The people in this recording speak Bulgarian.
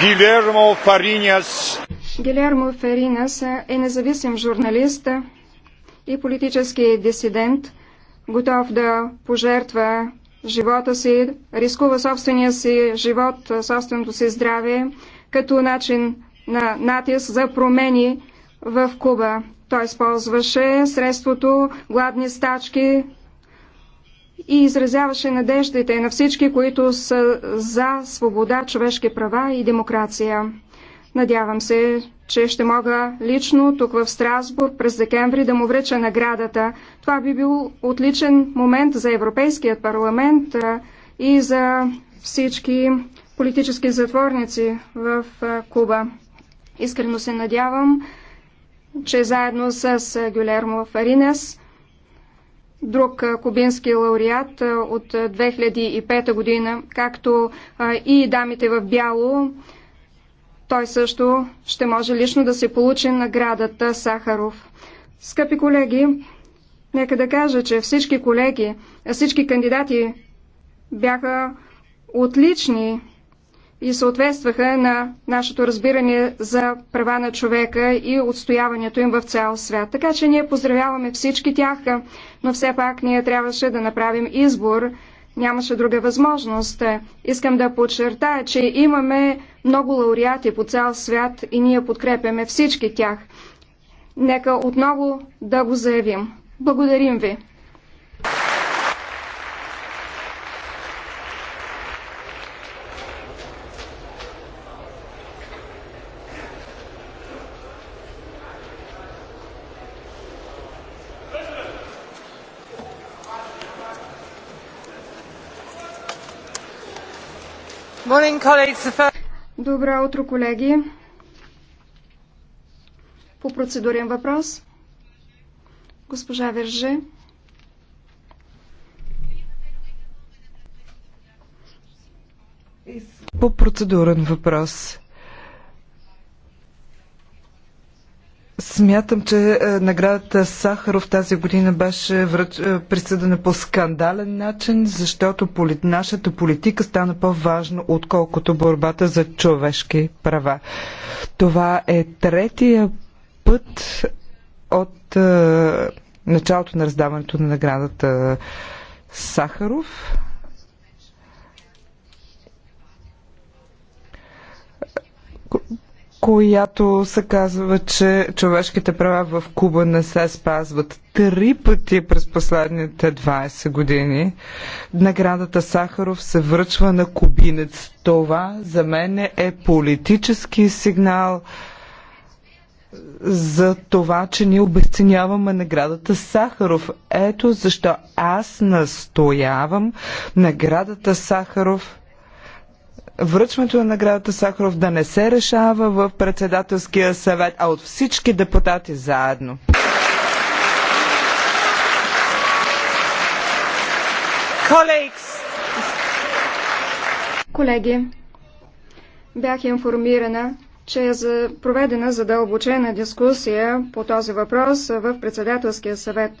Гилермо Фариняс. Гилермо Фаринас е независим журналист и политически дисидент, готов да пожертва живота си, рискува собствения си живот, собственото си здраве, като начин на натиск за промени в Куба. Той използваше средството гладни стачки, и изразяваше надеждите на всички, които са за свобода, човешки права и демокрация. Надявам се, че ще мога лично тук в Страсбург през декември да му връча наградата. Това би бил отличен момент за Европейският парламент и за всички политически затворници в Куба. Искрено се надявам, че заедно с Гюлермо Фаринес друг кубински лауреат от 2005 година, както и дамите в бяло. Той също ще може лично да се получи наградата Сахаров. Скъпи колеги, нека да кажа, че всички колеги, всички кандидати бяха отлични и съответстваха на нашето разбиране за права на човека и отстояването им в цял свят. Така че ние поздравяваме всички тях, но все пак ние трябваше да направим избор. Нямаше друга възможност. Искам да подчертая, че имаме много лауреати по цял свят и ние подкрепяме всички тях. Нека отново да го заявим. Благодарим ви! Добро утро, колеги. По процедурен въпрос. Госпожа Верже. По процедурен въпрос. Смятам, че е, наградата Сахаров тази година беше връч... Е, присъдена по скандален начин, защото полит... нашата политика стана по-важна, отколкото борбата за човешки права. Това е третия път от е, началото на раздаването на наградата Сахаров. която се казва, че човешките права в Куба не се спазват три пъти през последните 20 години. Наградата Сахаров се връчва на кубинец. Това за мен е политически сигнал за това, че ние обесценяваме наградата Сахаров. Ето защо аз настоявам наградата Сахаров връчването на наградата Сахаров да не се решава в председателския съвет, а от всички депутати заедно. Колеги, бях информирана, че е проведена задълбочена дискусия по този въпрос в председателския съвет.